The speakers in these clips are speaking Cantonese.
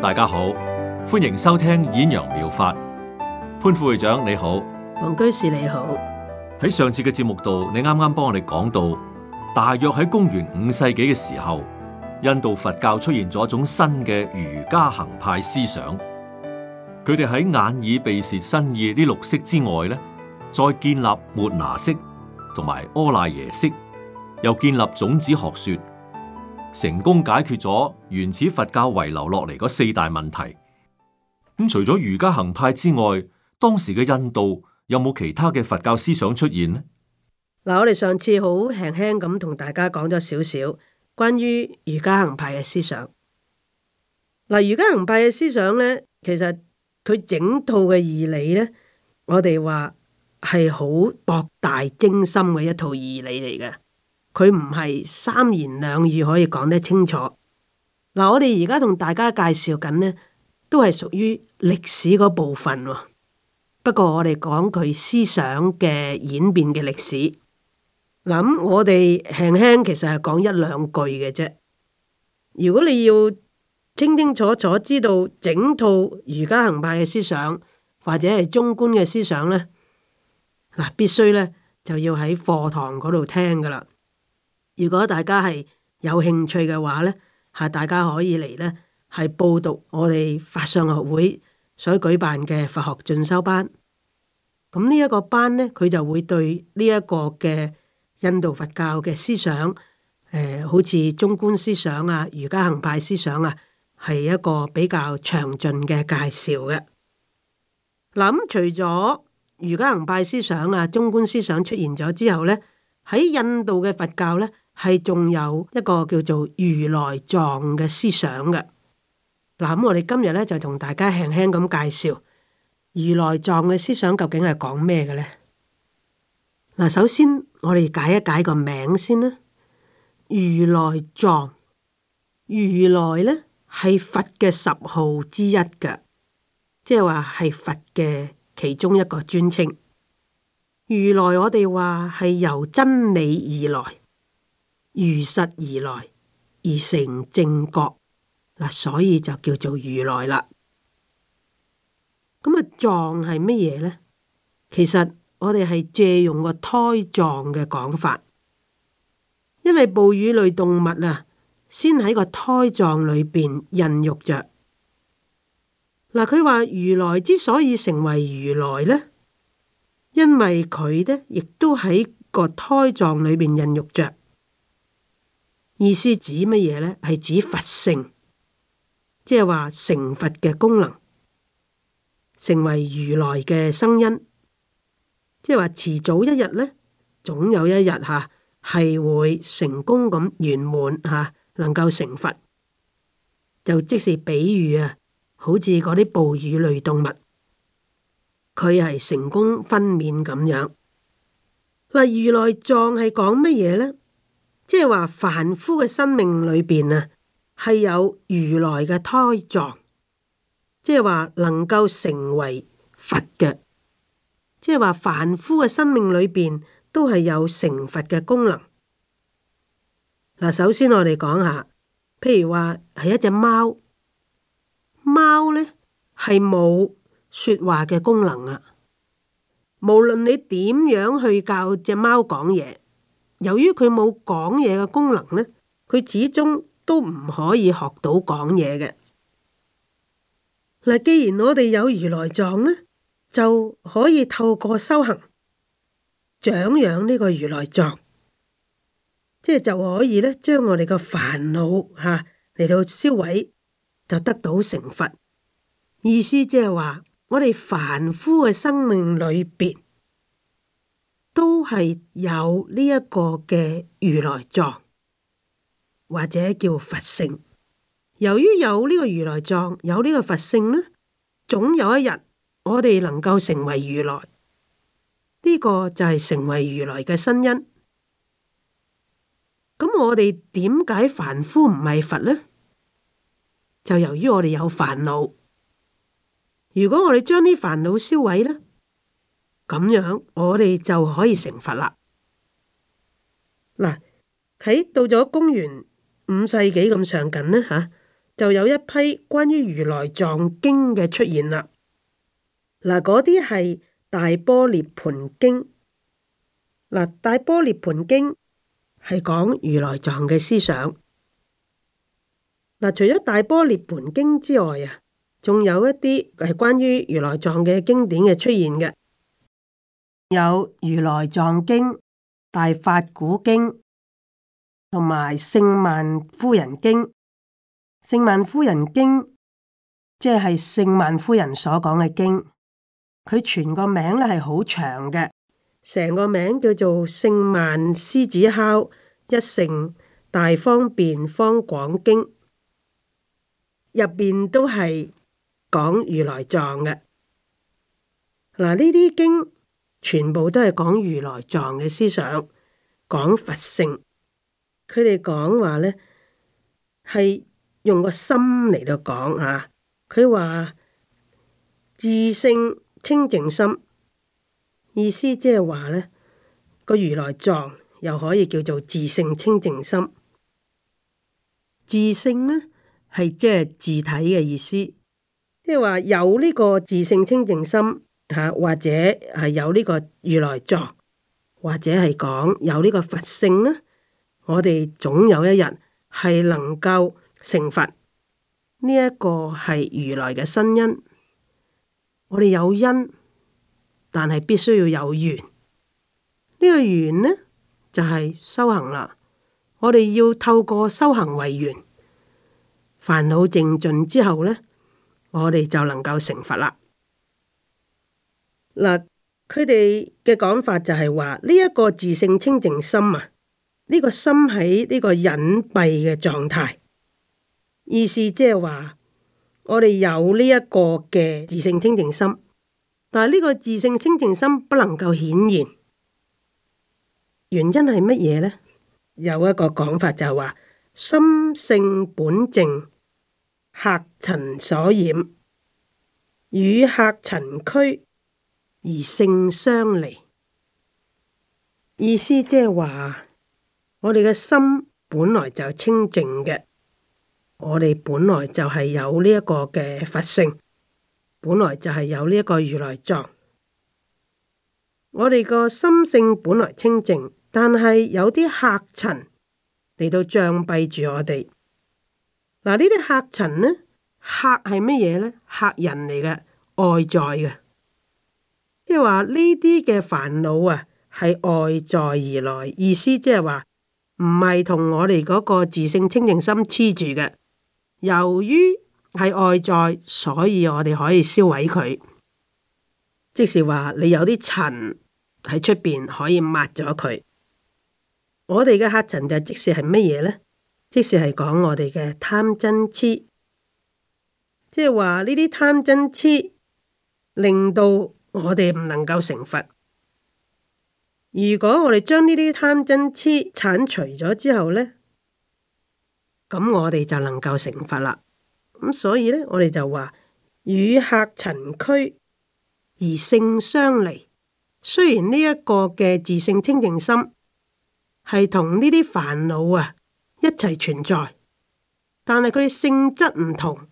大家好，歡迎收聽《演揚妙，妙法》。潘副會長你好，王居士你好。喺上次嘅節目度，你啱啱幫我哋講到，大約喺公元五世紀嘅時候，印度佛教出現咗一種新嘅瑜伽行派思想。佢哋喺眼耳鼻舌身意呢六識之外咧，再建立末那識同埋阿賴耶識，又建立種子學說。成功解決咗原始佛教遺留落嚟嗰四大問題。咁、嗯、除咗瑜伽行派之外，當時嘅印度有冇其他嘅佛教思想出現呢？嗱，我哋上次好輕輕咁同大家講咗少少關於瑜伽行派嘅思想。嗱，瑜伽行派嘅思想咧，其實佢整套嘅義理咧，我哋話係好博大精深嘅一套義理嚟嘅。佢唔係三言兩語可以講得清楚。嗱，我哋而家同大家介紹緊呢，都係屬於歷史嗰部分喎。不過我哋講佢思想嘅演變嘅歷史。嗱，我哋輕輕其實係講一兩句嘅啫。如果你要清清楚楚知道整套瑜伽行派嘅思想，或者係中觀嘅思想呢，嗱，必須呢，就要喺課堂嗰度聽㗎喇。如果大家係有興趣嘅話咧，係大家可以嚟咧係報讀我哋法相學會所舉辦嘅佛學進修班。咁呢一個班咧，佢就會對呢一個嘅印度佛教嘅思想，誒、呃、好似中觀思想啊、瑜伽行派思想啊，係一個比較詳盡嘅介紹嘅。嗱、嗯、咁，除咗瑜伽行派思想啊、中觀思想出現咗之後咧，喺印度嘅佛教咧。係仲有一個叫做如來藏嘅思想嘅嗱，咁我哋今日呢，就同大家輕輕咁介紹如來藏嘅思想，究竟係講咩嘅呢？嗱，首先我哋解一解個名先啦。如來藏，如來呢，係佛嘅十號之一嘅，即係話係佛嘅其中一個尊稱。如來，我哋話係由真理而來。如實而來而成正覺，嗱，所以就叫做如來啦。咁啊，藏係乜嘢呢？其實我哋係借用個胎藏嘅講法，因為哺乳類動物啊，先喺個胎藏裏邊孕育着。嗱，佢話如來之所以成為如來呢，因為佢呢亦都喺個胎藏裏邊孕育着。意思指乜嘢呢？係指佛性，即係話成佛嘅功能，成為如來嘅生因。即係話遲早一日呢，總有一日嚇係會成功咁圓滿嚇，能夠成佛。就即是比喻啊，好似嗰啲哺乳類動物，佢係成功分娩咁樣。嗱，如來藏係講乜嘢呢？即係話凡夫嘅生命裏邊啊，係有如來嘅胎藏，即係話能夠成為佛嘅，即係話凡夫嘅生命裏邊都係有成佛嘅功能。嗱，首先我哋講下，譬如話係一隻貓，貓呢係冇說話嘅功能啊，無論你點樣去教隻貓講嘢。由於佢冇講嘢嘅功能呢，佢始終都唔可以學到講嘢嘅。嗱，既然我哋有如來藏呢，就可以透過修行，長養呢個如來藏，即係就可以咧將我哋嘅煩惱吓嚟，啊，到銷毀，就得到成佛。意思即係話，我哋凡夫嘅生命裏邊。都係有呢一個嘅如來藏，或者叫佛性。由於有呢個如來藏，有呢個佛性呢，總有一日我哋能夠成為如來。呢、這個就係成為如來嘅身因。咁我哋點解凡夫唔係佛呢？就由於我哋有煩惱。如果我哋將呢煩惱燒毀呢？咁樣我哋就可以成佛啦。嗱，喺到咗公元五世紀咁上緊呢，嚇、啊，就有一批關於如來藏經嘅出現啦。嗱，嗰啲係大般涅槃經。嗱，大般涅槃經係講如來藏嘅思想。嗱，除咗大般涅槃經之外啊，仲有一啲係關於如來藏嘅經典嘅出現嘅。有如來藏經、大法鼓經同埋聖曼夫人經。聖曼夫人經即係聖曼夫人所講嘅經，佢全個名咧係好長嘅，成個名叫做聖曼獅子吼一乘大方便方廣經，入邊都係講如來藏嘅。嗱，呢啲經。全部都係講如來藏嘅思想，講佛性。佢哋講話呢係用個心嚟到講啊。佢話自性清淨心，意思即係話呢個如來藏又可以叫做自性清淨心。自性呢係即係自體嘅意思，即係話有呢個自性清淨心。吓，或者係有呢個如來藏，或者係講有呢個佛性呢，我哋總有一日係能夠成佛，呢一個係如來嘅身因。我哋有因，但係必須要有緣。呢個緣呢，就係修行啦。我哋要透過修行為緣，煩惱淨盡之後呢，我哋就能夠成佛啦。嗱，佢哋嘅講法就係話：呢一個自性清淨心啊，呢個心喺呢個隱蔽嘅狀態。意思即係話，我哋有呢一個嘅自性清淨心，但係呢個自性清淨心不能夠顯現。原因係乜嘢呢？有一個講法就係話：心性本淨，客塵所染，與客塵居。而性相離，意思即係話，我哋嘅心本來就清淨嘅，我哋本來就係有呢一個嘅佛性，本來就係有呢一個如來藏。我哋個心性本來清淨，但係有啲客塵嚟到障蔽住我哋。嗱，呢啲客塵呢？客係乜嘢呢？客人嚟嘅，外在嘅。即係話呢啲嘅煩惱啊，係外在而來，意思即係話唔係同我哋嗰個自性清淨心黐住嘅。由於係外在，所以我哋可以燒毀佢。即是話你有啲塵喺出邊，可以抹咗佢。我哋嘅黑塵就即使係乜嘢呢？即使係講我哋嘅貪嗔痴。即係話呢啲貪嗔痴令到我哋唔能夠成佛。如果我哋將呢啲貪嗔痴鏟除咗之後呢，咁我哋就能夠成佛啦。咁所以呢，我哋就話與客塵俱而性相離。雖然呢一個嘅自性清淨心係同呢啲煩惱啊一齊存在，但係佢哋性質唔同，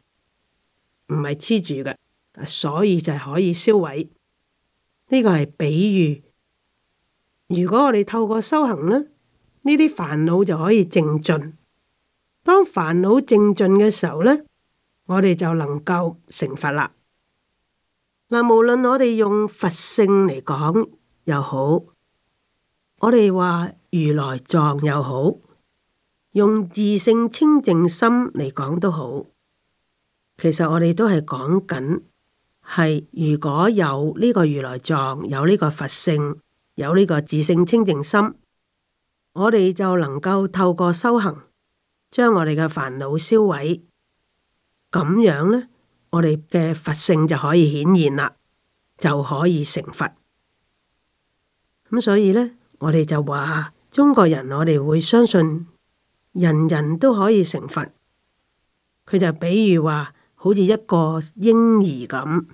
唔係黐住嘅，所以就係可以銷毀。呢個係比喻。如果我哋透過修行咧，呢啲煩惱就可以淨盡。當煩惱淨盡嘅時候，呢我哋就能夠成佛啦。嗱，無論我哋用佛性嚟講又好，我哋話如來藏又好，用自性清淨心嚟講都好，其實我哋都係講緊。係如果有呢個如來藏，有呢個佛性，有呢個自性清淨心，我哋就能夠透過修行，將我哋嘅煩惱消毀，咁樣呢，我哋嘅佛性就可以顯現啦，就可以成佛。咁所以呢，我哋就話中國人，我哋會相信人人都可以成佛。佢就比喻話，好似一個嬰兒咁。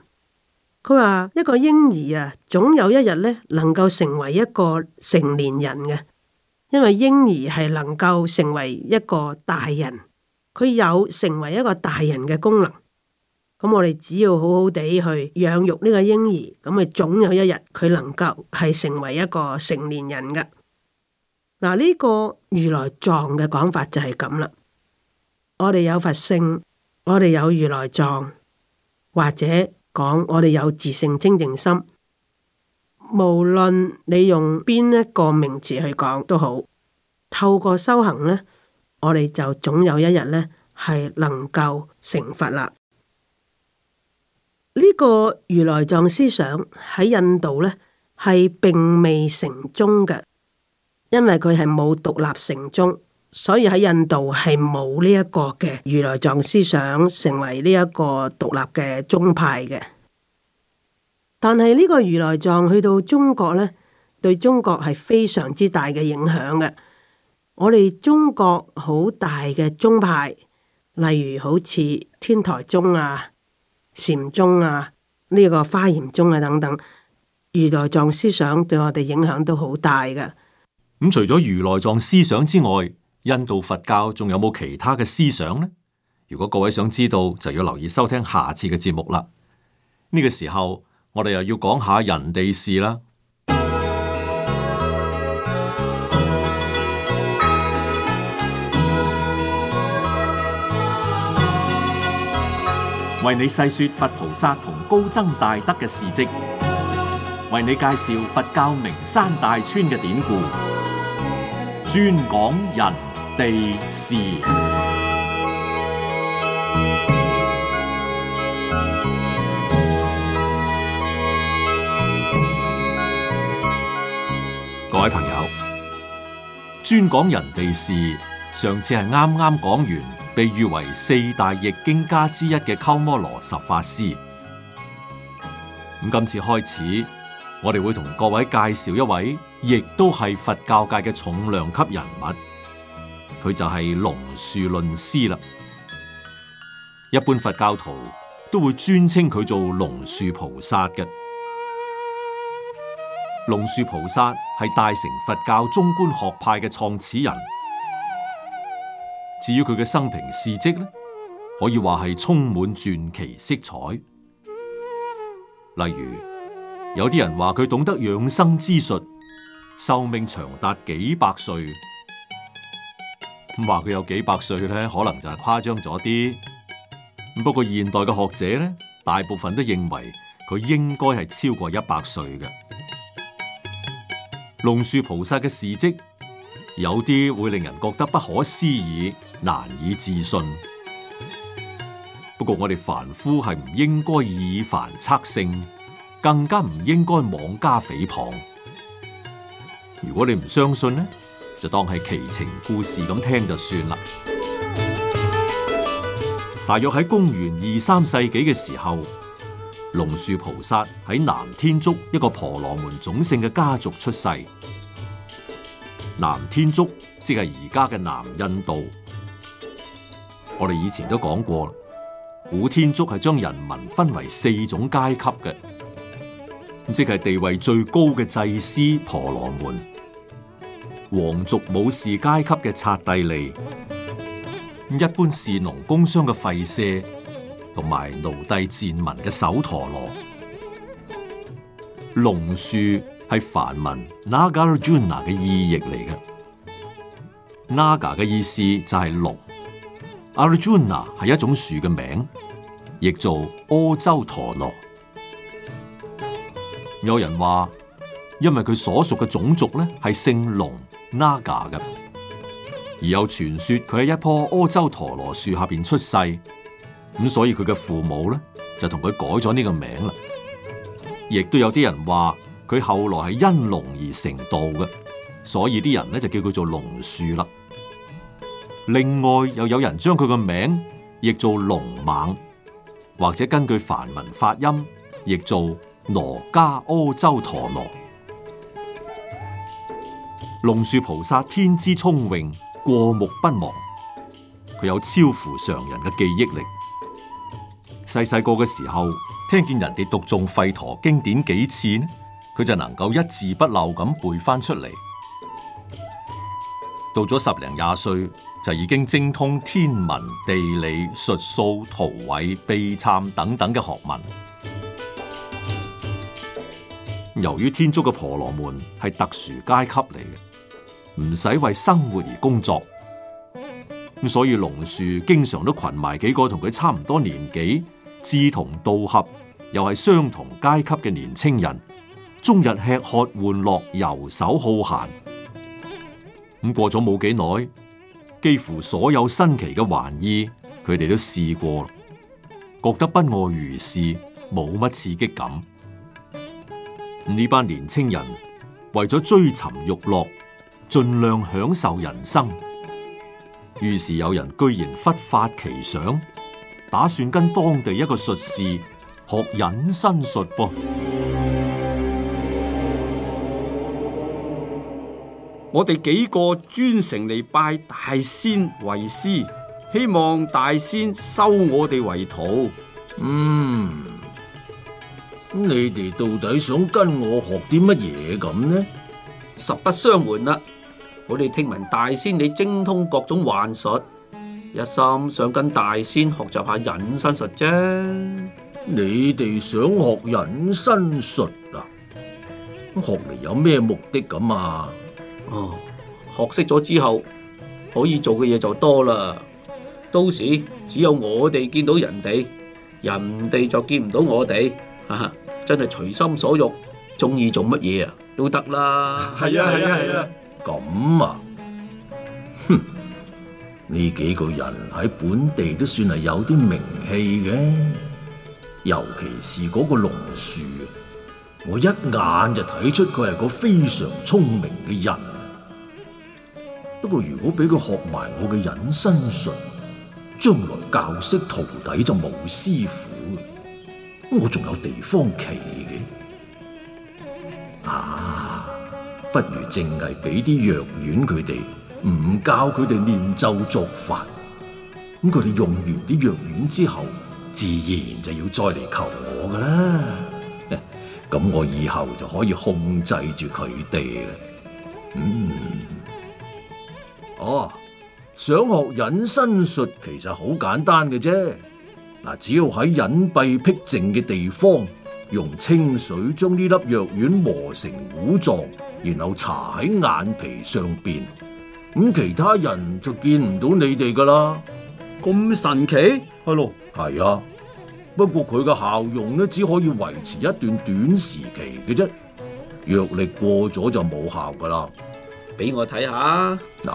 佢話一個嬰兒啊，總有一日呢能夠成為一個成年人嘅，因為嬰兒係能夠成為一個大人，佢有成為一個大人嘅功能。咁我哋只要好好地去養育呢個嬰兒，咁咪總有一日佢能夠係成為一個成年人嘅。嗱，呢個如來藏嘅講法就係咁啦。我哋有佛性，我哋有如來藏，或者。講我哋有自性清淨心，無論你用邊一個名詞去講都好，透過修行呢，我哋就總有一日呢係能夠成佛啦。呢個如來藏思想喺印度呢係並未成宗嘅，因為佢係冇獨立成宗。所以喺印度係冇呢一個嘅如來藏思想成為呢一個獨立嘅宗派嘅。但係呢個如來藏去到中國呢，對中國係非常之大嘅影響嘅。我哋中國好大嘅宗派，例如好似天台宗啊、禪宗啊、呢、這個華嚴宗啊等等，如來藏思想對我哋影響都好大嘅，嗯。咁除咗如來藏思想之外，印度佛教仲有冇其他嘅思想呢？如果各位想知道，就要留意收聽下次嘅節目啦。呢個時候，我哋又要講下人哋事啦。為你細說佛菩薩同高僧大德嘅事跡，為你介紹佛教名山大川嘅典故，專講人。地事，各位朋友，專講人地事。上次係啱啱講完，被譽為四大譯經家之一嘅鳩摩羅什法師。咁今次開始，我哋會同各位介紹一位，亦都係佛教界嘅重量級人物。佢就係龍樹論師啦，一般佛教徒都會尊稱佢做龍樹菩薩嘅。龍樹菩薩係大乘佛教中觀學派嘅創始人。至於佢嘅生平事跡咧，可以話係充滿傳奇色彩。例如，有啲人話佢懂得養生之術，壽命長達幾百歲。咁話佢有幾百歲咧，可能就係誇張咗啲。咁不過現代嘅學者咧，大部分都認為佢應該係超過一百歲嘅。龍樹菩薩嘅事蹟有啲會令人覺得不可思議、難以置信。不過我哋凡夫係唔應該以凡測聖，更加唔應該妄加誹謗。如果你唔相信呢？就當係奇情故事咁聽就算啦。大約喺公元二三世紀嘅時候，龍樹菩薩喺南天竺一個婆羅門種姓嘅家族出世。南天竺即係而家嘅南印度。我哋以前都講過古天竺係將人民分為四種階級嘅，即係地位最高嘅祭司婆羅門。皇族武士階級嘅剎帝利，一般士農工商嘅吠舍，同埋奴隸賤民嘅首陀羅。龍樹係梵文 Nagarjuna 嘅意譯嚟嘅。Naga 嘅意思就係龍，Arjuna 係一種樹嘅名，譯做阿周陀羅。有人話，因為佢所屬嘅種族呢係姓龍納迦嘅，而有傳說佢喺一棵阿周陀羅樹下邊出世，咁所以佢嘅父母咧就同佢改咗呢個名啦。亦都有啲人話佢後來係因龍而成道嘅，所以啲人咧就叫佢做龍樹啦。另外又有人將佢嘅名譯做龍猛，或者根據梵文發音譯做羅加阿周陀羅。龍樹菩薩天資聰穎，過目不忘，佢有超乎常人嘅記憶力。細細個嘅時候，聽見人哋讀誦吠陀經典幾次，佢就能夠一字不漏咁背翻出嚟。到咗十零廿歲，就已經精通天文、地理、術數、圖緯、秘參等等嘅學問。由於天竺嘅婆羅門係特殊階級嚟嘅。唔使為生活而工作，咁所以龍樹經常都群埋幾個同佢差唔多年紀、志同道合又係相同階級嘅年青人，終日吃喝玩樂、遊手好閒。咁過咗冇幾耐，幾乎所有新奇嘅玩意，佢哋都試過，覺得不外如是，冇乜刺激感。呢班年青人為咗追尋慾樂。盡量享受人生。於是有人居然忽發奇想，打算跟當地一個術士學隱身術噃。我哋幾個專誠嚟拜大仙為師，希望大仙收我哋為徒。嗯，你哋到底想跟我學啲乜嘢咁呢？實不相瞞啦。我哋聽聞大仙你精通各種幻術，一心想跟大仙學習下隱身術啫。你哋想學隱身術啊？學嚟有咩目的咁啊？哦，學識咗之後可以做嘅嘢就多啦。到時只有我哋見到人哋，人哋就見唔到我哋。哈哈，真係隨心所欲，中意做乜嘢啊都得啦。係啊係啊係啊！咁啊，哼！呢幾個人喺本地都算係有啲名氣嘅，尤其是嗰個龍樹，我一眼就睇出佢係個非常聰明嘅人。不過如果俾佢學埋我嘅隱身術，將來教識徒弟就冇師傅，我仲有地方企嘅啊！不如淨係俾啲藥丸佢哋，唔教佢哋念咒作法。咁佢哋用完啲藥丸之後，自然就要再嚟求我㗎啦。咁 我以後就可以控制住佢哋啦。嗯，哦、啊，想學隱身術其實好簡單嘅啫。嗱，只要喺隱蔽僻靜嘅地方，用清水將呢粒藥丸磨成糊狀。然後搽喺眼皮上邊，咁其他人就見唔到你哋噶啦。咁神奇係咯，係 Hello. 啊。不過佢嘅效用呢，只可以維持一段短時期嘅啫。藥力過咗就冇效噶啦。俾我睇下嗱，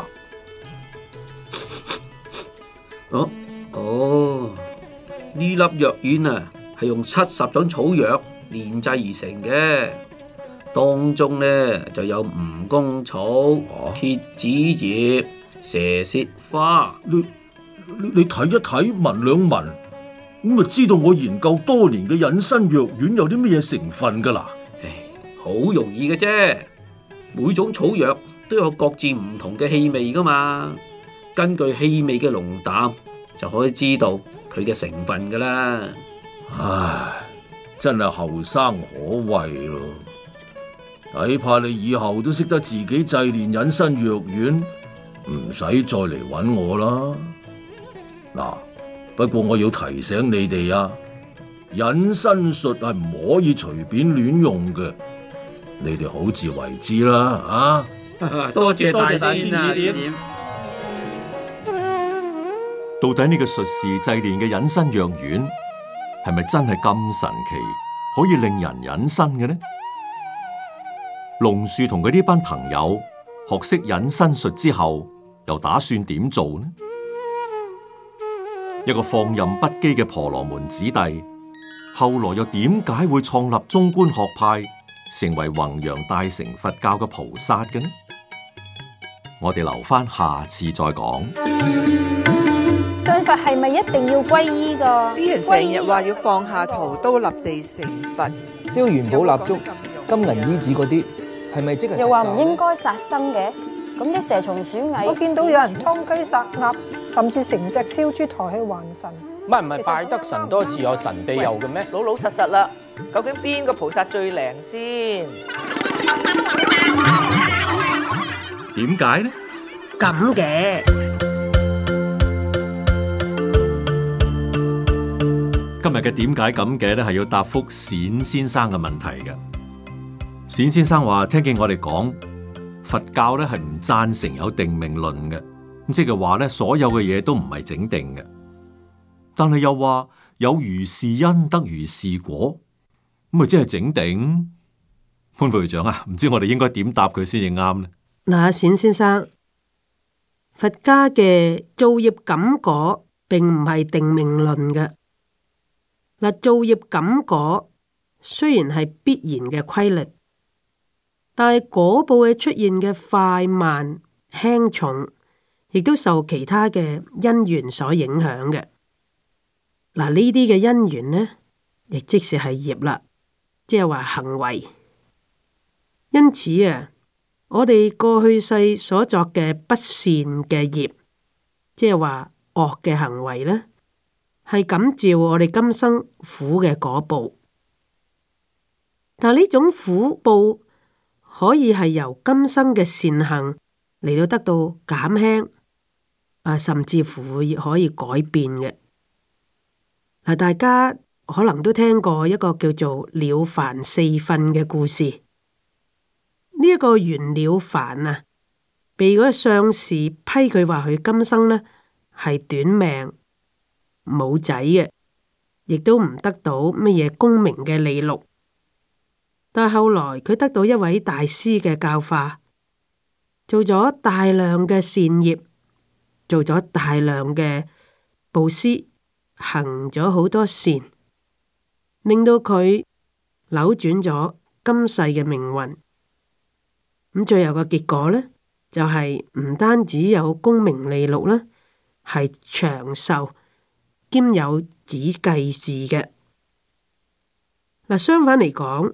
哦哦，呢粒藥丸啊，係用七十種草藥煉製而成嘅。當中咧就有蜈蚣草、蠍、啊、子葉、蛇舌花，你你睇一睇聞兩聞，咁咪知道我研究多年嘅隱身藥丸有啲咩嘢成分噶啦？唉，好容易嘅啫，每種草藥都有各自唔同嘅氣味噶嘛，根據氣味嘅濃淡就可以知道佢嘅成分噶啦。唉，真係後生可畏咯～睇怕你以後都識得自己製煉隱身藥丸，唔使再嚟揾我啦。嗱、啊，不過我要提醒你哋啊，隱身術係唔可以隨便亂用嘅。你哋好自為之啦，啊，啊！多謝大仙啊！念到底呢個術士製煉嘅隱身藥丸係咪真係咁神奇，可以令人隱身嘅呢？龍樹同佢呢班朋友學識隱身術之後，又打算點做呢？一個放任不羈嘅婆羅門子弟，後來又點解會創立中觀學派，成為弘揚大乘佛教嘅菩薩嘅呢？我哋留翻下，下次再講。信佛係咪一定要皈依㗎？啲人成日話要放下屠刀立地成佛，燒元寶蠟燭、有有金銀衣紙嗰啲。又話唔應該殺生嘅，咁啲蛇蟲鼠蟻，我見到有人劏雞殺鴨，甚至成隻燒豬抬起還神，唔係唔係拜得神多自有神庇佑嘅咩？老老實實啦，究竟邊個菩薩最靈先？點解呢？咁嘅今日嘅點解咁嘅咧，係要答覆冼先生嘅問題嘅。冼先生話：聽見我哋講佛教咧，係唔贊成有定命論嘅，咁即係話咧，所有嘅嘢都唔係整定嘅。但係又話有如是因得如是果，咁咪即係整定？潘副會長啊，唔知我哋應該點答佢先至啱咧？嗱，冼先生，佛家嘅造業感果並唔係定命論嘅。嗱，造業感果雖然係必然嘅規律。但係果報嘅出現嘅快慢輕重，亦都受其他嘅因緣所影響嘅。嗱，呢啲嘅因緣呢，亦即，即是係業啦，即係話行為。因此啊，我哋過去世所作嘅不善嘅業，即係話惡嘅行為呢，係感召我哋今生苦嘅果報。但係呢種苦報，可以係由今生嘅善行嚟到得到減輕，啊，甚至乎可以改變嘅。嗱，大家可能都聽過一個叫做了凡四訓嘅故事。呢、這、一個袁了凡啊，被嗰個相士批佢話佢今生呢係短命冇仔嘅，亦都唔得到乜嘢功名嘅利祿。但係後來佢得到一位大師嘅教化，做咗大量嘅善業，做咗大量嘅布施，行咗好多善，令到佢扭轉咗今世嘅命運。咁最後嘅結果呢，就係唔單止有功名利祿啦，係長壽兼有子繼嗣嘅。嗱，相反嚟講。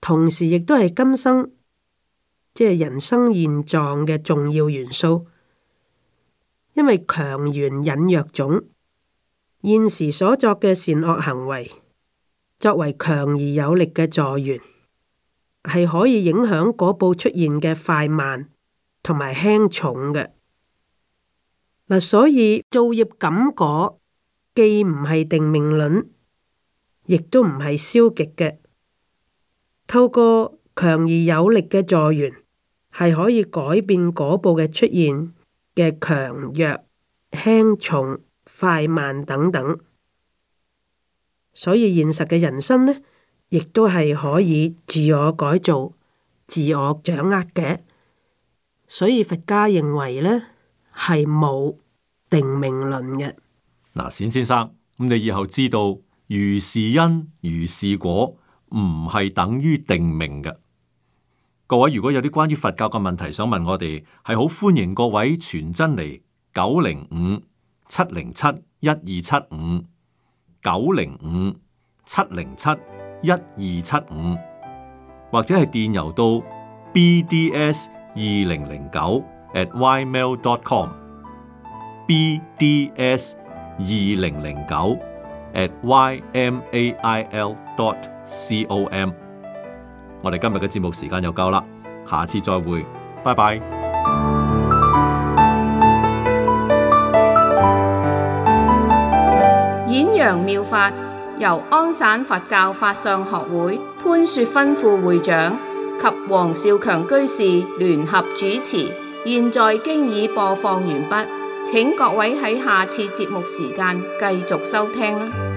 同時亦都係今生，即係人生現狀嘅重要元素，因為強緣引弱種，現時所作嘅善惡行為，作為強而有力嘅助緣，係可以影響果報出現嘅快慢同埋輕重嘅。嗱，所以造業感果既唔係定命論，亦都唔係消極嘅。透過強而有力嘅助緣，係可以改變果報嘅出現嘅強弱、輕重、快慢等等。所以現實嘅人生呢，亦都係可以自我改造、自我掌握嘅。所以佛家認為呢，係冇定命論嘅。嗱，冼先生，咁你以後知道如是因如是果。唔係等於定命嘅。各位如果有啲關於佛教嘅問題想問我哋，係好歡迎各位傳真嚟九零五七零七一二七五九零五七零七一二七五，75, 75，或者係電郵到 bds 二零零九 at ymail.com bds 二零零九。At y m a i l dot c o m，我哋今日嘅節目時間又夠啦，下次再會，拜拜。演揚妙法由安省佛教法相學會潘雪芬副會長及黃少強居士聯合主持，現在經已播放完畢。請各位喺下次節目時間繼續收聽啦。